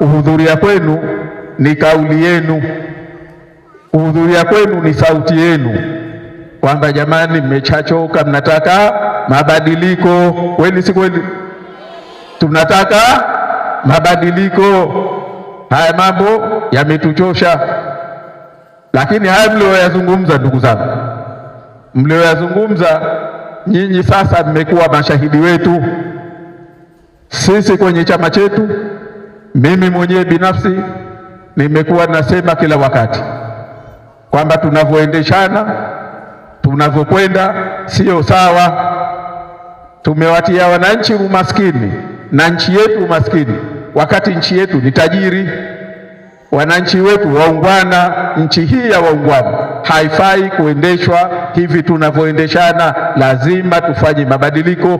Uhudhuria kwenu ni kauli yenu, uhudhuria kwenu ni sauti yenu, kwamba jamani, mmechachoka, mnataka mabadiliko. Kweli si kweli? Tunataka mabadiliko. Haya mambo yametuchosha. Lakini haya mlioyazungumza, ndugu zangu, mlioyazungumza nyinyi, sasa mmekuwa mashahidi wetu sisi kwenye chama chetu mimi mwenyewe binafsi nimekuwa nasema kila wakati kwamba tunavyoendeshana, tunavyokwenda sio sawa. Tumewatia wananchi umaskini na nchi yetu umaskini, wakati nchi yetu ni tajiri. Wananchi wetu waungwana, nchi hii ya waungwana haifai kuendeshwa hivi tunavyoendeshana. Lazima tufanye mabadiliko.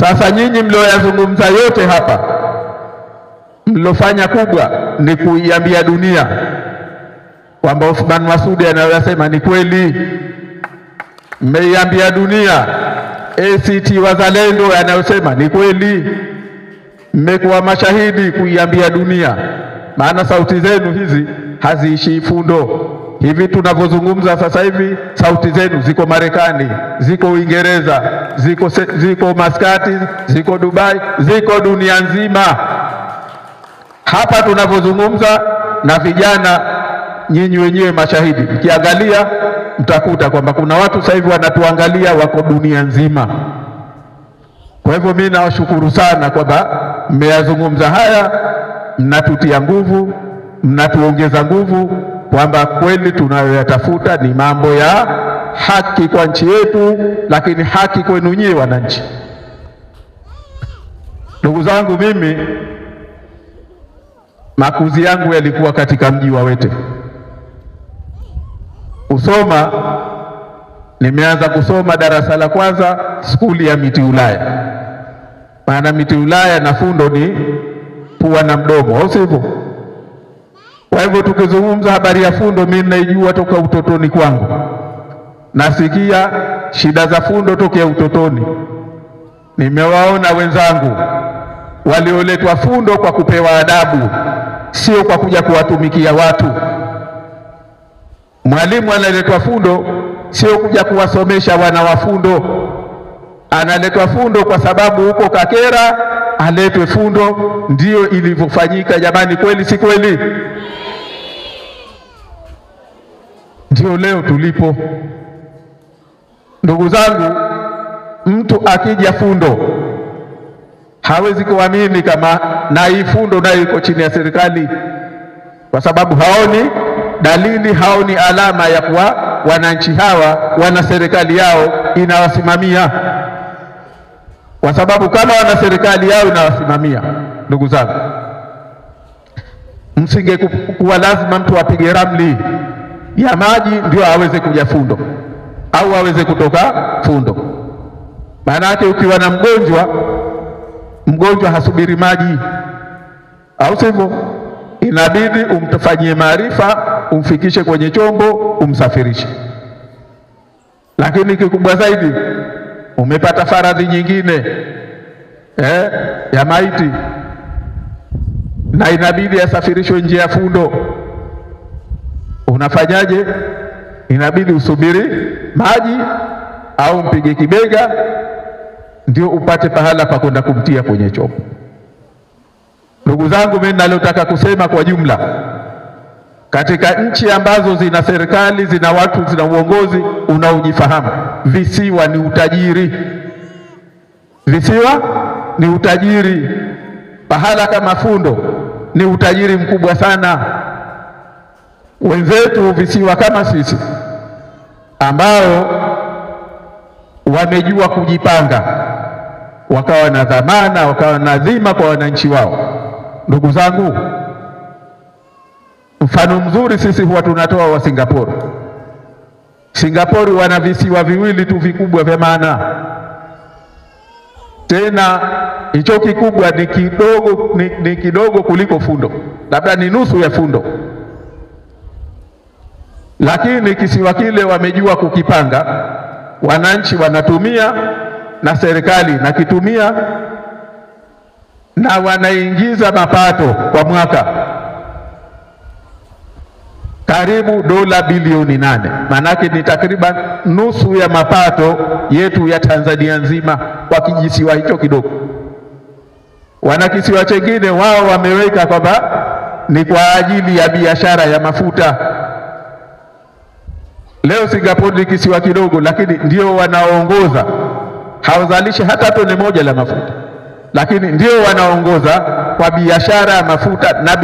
Sasa nyinyi mlioyazungumza yote hapa, mlofanya kubwa ni kuiambia dunia kwamba Othman Masudi anayoyasema ni kweli. Mmeiambia dunia ACT Wazalendo anayosema ni kweli. Mmekuwa mashahidi kuiambia dunia, maana sauti zenu hizi haziishii Fundo. Hivi tunavyozungumza sasa hivi sauti zenu ziko Marekani, ziko Uingereza, ziko, ziko Maskati, ziko Dubai, ziko dunia nzima. Hapa tunavyozungumza na vijana, nyinyi wenyewe mashahidi, mkiangalia mtakuta kwamba kuna watu sasa hivi wanatuangalia wako dunia nzima. Kwa hivyo mimi nawashukuru sana kwamba mmeyazungumza haya, mnatutia nguvu, mnatuongeza nguvu kwamba kweli tunayoyatafuta ni mambo ya haki kwa nchi yetu, lakini haki kwenu nyie wananchi. Ndugu zangu, mimi makuzi yangu yalikuwa katika mji wa Wete. Usoma nimeanza kusoma darasa la kwanza skuli ya miti Ulaya, maana miti Ulaya na fundo ni pua na mdomo, au sivyo? Kwa hivyo tukizungumza habari ya fundo, mimi ninaijua toka utotoni kwangu, nasikia shida za fundo tokea utotoni. Nimewaona wenzangu walioletwa fundo kwa kupewa adabu, sio kwa kuja kuwatumikia watu. Mwalimu analetwa fundo sio kuja kuwasomesha wana wa fundo, analetwa fundo kwa sababu huko Kakera alepe fundo. Ndiyo ilivyofanyika jamani, kweli si kweli? Ndio leo tulipo, ndugu zangu. Mtu akija fundo hawezi kuamini kama na hii fundo nayo iko chini ya serikali, kwa sababu haoni dalili, haoni alama ya kuwa wananchi hawa wana serikali yao inawasimamia kwa sababu kama wana serikali yao inawasimamia. Ndugu zangu, msingekuwa lazima mtu apige ramli ya maji ndio aweze kuja Fundo au aweze kutoka Fundo. Maana yake ukiwa na mgonjwa, mgonjwa hasubiri maji, au sivyo? Inabidi umtafanyie maarifa, umfikishe kwenye chombo, umsafirishe. Lakini kikubwa zaidi umepata faradhi nyingine eh, ya maiti na inabidi asafirishwe nje ya fundo, unafanyaje? Inabidi usubiri maji au mpige kibega, ndio upate pahala pa kwenda kumtia kwenye chombo. Ndugu zangu, mimi nalotaka kusema kwa jumla katika nchi ambazo zina serikali zina watu zina uongozi unaojifahamu. Visiwa ni utajiri, visiwa ni utajiri. Pahala kama Fundo ni utajiri mkubwa sana. Wenzetu visiwa kama sisi ambao wamejua kujipanga, wakawa na dhamana, wakawa na dhima kwa wananchi wao, ndugu zangu Mfano mzuri sisi huwa tunatoa wa Singapore. Singapore wana visiwa viwili tu vikubwa vya maana, tena hicho kikubwa ni kidogo, ni, ni kidogo kuliko Fundo, labda ni nusu ya Fundo, lakini kisiwa kile wamejua kukipanga, wananchi wanatumia na serikali nakitumia na wanaingiza mapato kwa mwaka karibu dola bilioni nane. Maanake ni takriban nusu ya mapato yetu ya Tanzania nzima kwa kijisiwa hicho kidogo. Wanakisiwa chengine wao wameweka kwamba ni kwa ajili ya biashara ya mafuta. Leo Singapore ni kisiwa kidogo, lakini ndio wanaongoza hawazalishi hata tone moja la mafuta, lakini ndio wanaongoza kwa biashara ya mafuta na